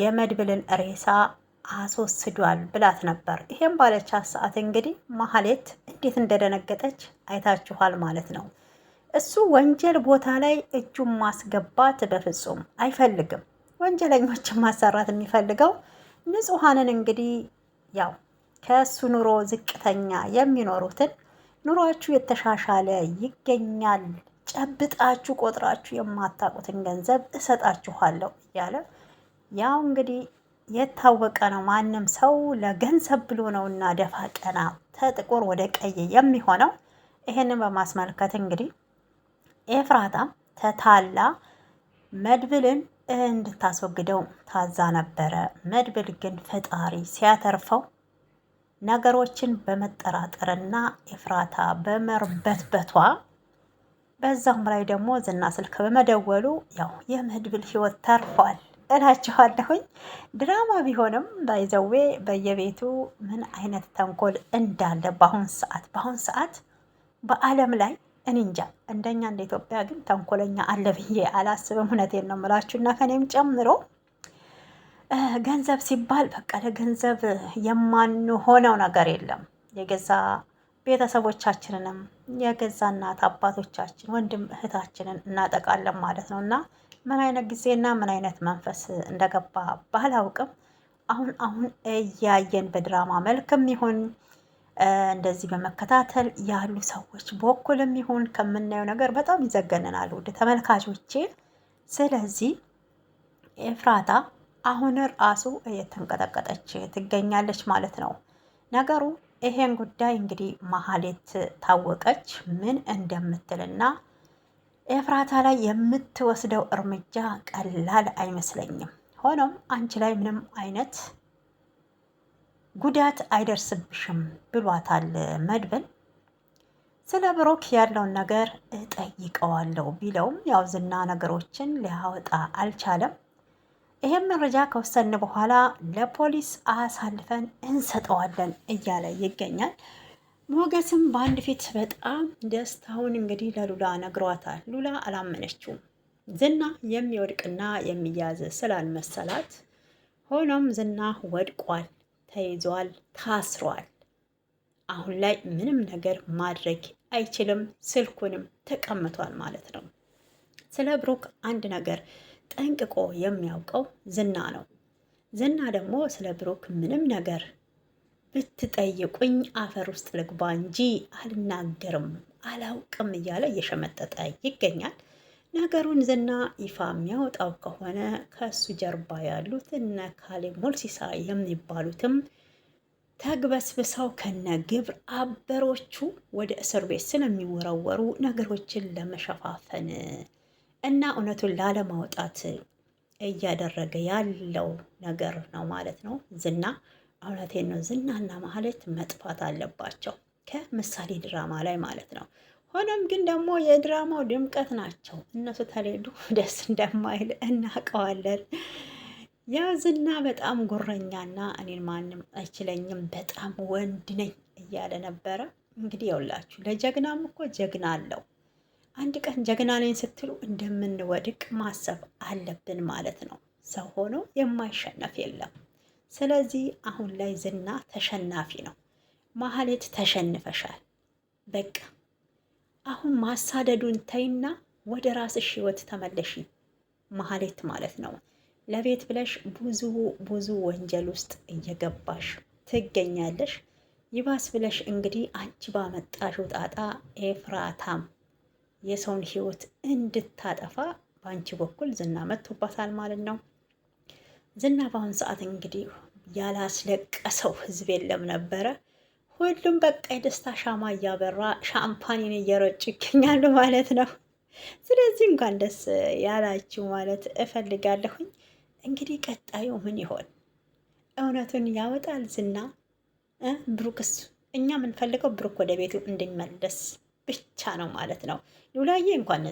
የመድብልን ሬሳ አስወስዷል ብላት ነበር። ይሄም ባለቻት ሰዓት እንግዲህ ማህሌት እንዴት እንደደነገጠች አይታችኋል ማለት ነው። እሱ ወንጀል ቦታ ላይ እጁን ማስገባት በፍጹም አይፈልግም። ወንጀለኞችን ማሰራት የሚፈልገው ንጹሐንን እንግዲህ ያው ከእሱ ኑሮ ዝቅተኛ የሚኖሩትን ኑሯችሁ የተሻሻለ ይገኛል፣ ጨብጣችሁ ቆጥራችሁ የማታውቁትን ገንዘብ እሰጣችኋለሁ እያለ ያው እንግዲህ የታወቀ ነው። ማንም ሰው ለገንዘብ ብሎ ነው እና ደፋ ቀና ከጥቁር ወደ ቀይ የሚሆነው። ይህንን በማስመልከት እንግዲህ ኤፍራታ ተታላ መድብልን እንድታስወግደው ታዛ ነበረ። መድብል ግን ፈጣሪ ሲያተርፈው ነገሮችን በመጠራጠርና ኤፍራታ በመርበትበቷ በዛም ላይ ደግሞ ዝና ስልክ በመደወሉ ያው የመድብል ህይወት ተርፏል። እላችኋለሁኝ። ድራማ ቢሆንም ባይዘዌ በየቤቱ ምን አይነት ተንኮል እንዳለ በአሁን ሰዓት በአሁን ሰዓት በዓለም ላይ እኔ እንጃ እንደኛ እንደ ኢትዮጵያ ግን ተንኮለኛ አለ ብዬ አላስብም። እውነቴን ነው የምላችሁ እና ከኔም ጨምሮ ገንዘብ ሲባል በቃ ለገንዘብ የማንሆነው ነገር የለም የገዛ ቤተሰቦቻችንንም የገዛ እናት አባቶቻችን፣ ወንድም እህታችንን እናጠቃለን ማለት ነው እና ምን አይነት ጊዜና ምን አይነት መንፈስ እንደገባ ባላውቅም አሁን አሁን እያየን በድራማ መልክም ይሁን እንደዚህ በመከታተል ያሉ ሰዎች በኩልም ይሁን ከምናየው ነገር በጣም ይዘገንናል ውድ ተመልካቾቼ። ስለዚህ ኤፍራታ አሁን ራሱ እየተንቀጠቀጠች ትገኛለች ማለት ነው ነገሩ ይሄን ጉዳይ እንግዲህ መሀሌት ታወቀች ምን እንደምትልና ኤፍራታ ላይ የምትወስደው እርምጃ ቀላል አይመስለኝም። ሆኖም አንቺ ላይ ምንም አይነት ጉዳት አይደርስብሽም ብሏታል መድብን ስለ ብሩክ ያለውን ነገር እጠይቀዋለሁ ቢለውም ያው ዝና ነገሮችን ሊያወጣ አልቻለም። ይሄን መረጃ ከወሰን በኋላ ለፖሊስ አሳልፈን እንሰጠዋለን እያለ ይገኛል። ሞገስም በአንድ ፊት በጣም ደስታውን እንግዲህ ለሉላ ነግሯታል። ሉላ አላመነችውም። ዝና የሚወድቅና የሚያዝ ስላልመሰላት ሆኖም ዝና ወድቋል፣ ተይዟል፣ ታስሯል። አሁን ላይ ምንም ነገር ማድረግ አይችልም። ስልኩንም ተቀምቷል ማለት ነው። ስለ ብሩክ አንድ ነገር ጠንቅቆ የሚያውቀው ዝና ነው። ዝና ደግሞ ስለ ብሩክ ምንም ነገር ብትጠይቁኝ አፈር ውስጥ ልግባ እንጂ አልናገርም፣ አላውቅም እያለ እየሸመጠጠ ይገኛል። ነገሩን ዝና ይፋ የሚያወጣው ከሆነ ከእሱ ጀርባ ያሉት እነ ካሌ ሞልሲሳ የሚባሉትም ተግበስብሰው ከነ ግብር አበሮቹ ወደ እስር ቤት ስለሚወረወሩ ነገሮችን ለመሸፋፈን እና እውነቱን ላለማውጣት እያደረገ ያለው ነገር ነው ማለት ነው። ዝና እውነቴን ነው። ዝናና ማህሌት መጥፋት አለባቸው ከምሳሌ ድራማ ላይ ማለት ነው። ሆኖም ግን ደግሞ የድራማው ድምቀት ናቸው። እነሱ ተሌሉ ደስ እንደማይል እናውቀዋለን። ያ ዝና በጣም ጉረኛና እኔን ማንም አይችለኝም በጣም ወንድ ነኝ እያለ ነበረ። እንግዲህ የውላችሁ ለጀግናም እኮ ጀግና አለው። አንድ ቀን ጀግና ነኝ ስትሉ እንደምንወድቅ ማሰብ አለብን ማለት ነው። ሰው ሆኖ የማይሸነፍ የለም። ስለዚህ አሁን ላይ ዝና ተሸናፊ ነው። ማህሌት ተሸንፈሻል። በቃ አሁን ማሳደዱን ተይና ወደ ራስሽ ህይወት ተመለሺ ማህሌት ማለት ነው። ለቤት ብለሽ ብዙ ብዙ ወንጀል ውስጥ እየገባሽ ትገኛለሽ። ይባስ ብለሽ እንግዲህ አንቺ ባመጣሽው ጣጣ ኤፍራታም የሰውን ህይወት እንድታጠፋ በአንቺ በኩል ዝና መጥቶባታል ማለት ነው። ዝና በአሁን ሰዓት እንግዲህ ያላስለቀሰው ህዝብ የለም ነበረ። ሁሉም በቃ የደስታ ሻማ እያበራ ሻምፓኒን እየረጩ ይገኛሉ ማለት ነው። ስለዚህ እንኳን ደስ ያላችሁ ማለት እፈልጋለሁኝ። እንግዲህ ቀጣዩ ምን ይሆን? እውነቱን ያወጣል ዝና ብሩክስ? እኛ የምንፈልገው ብሩክ ወደ ቤቱ እንዲመለስ ብቻ ነው ማለት ነው። ሉላዬ እንኳን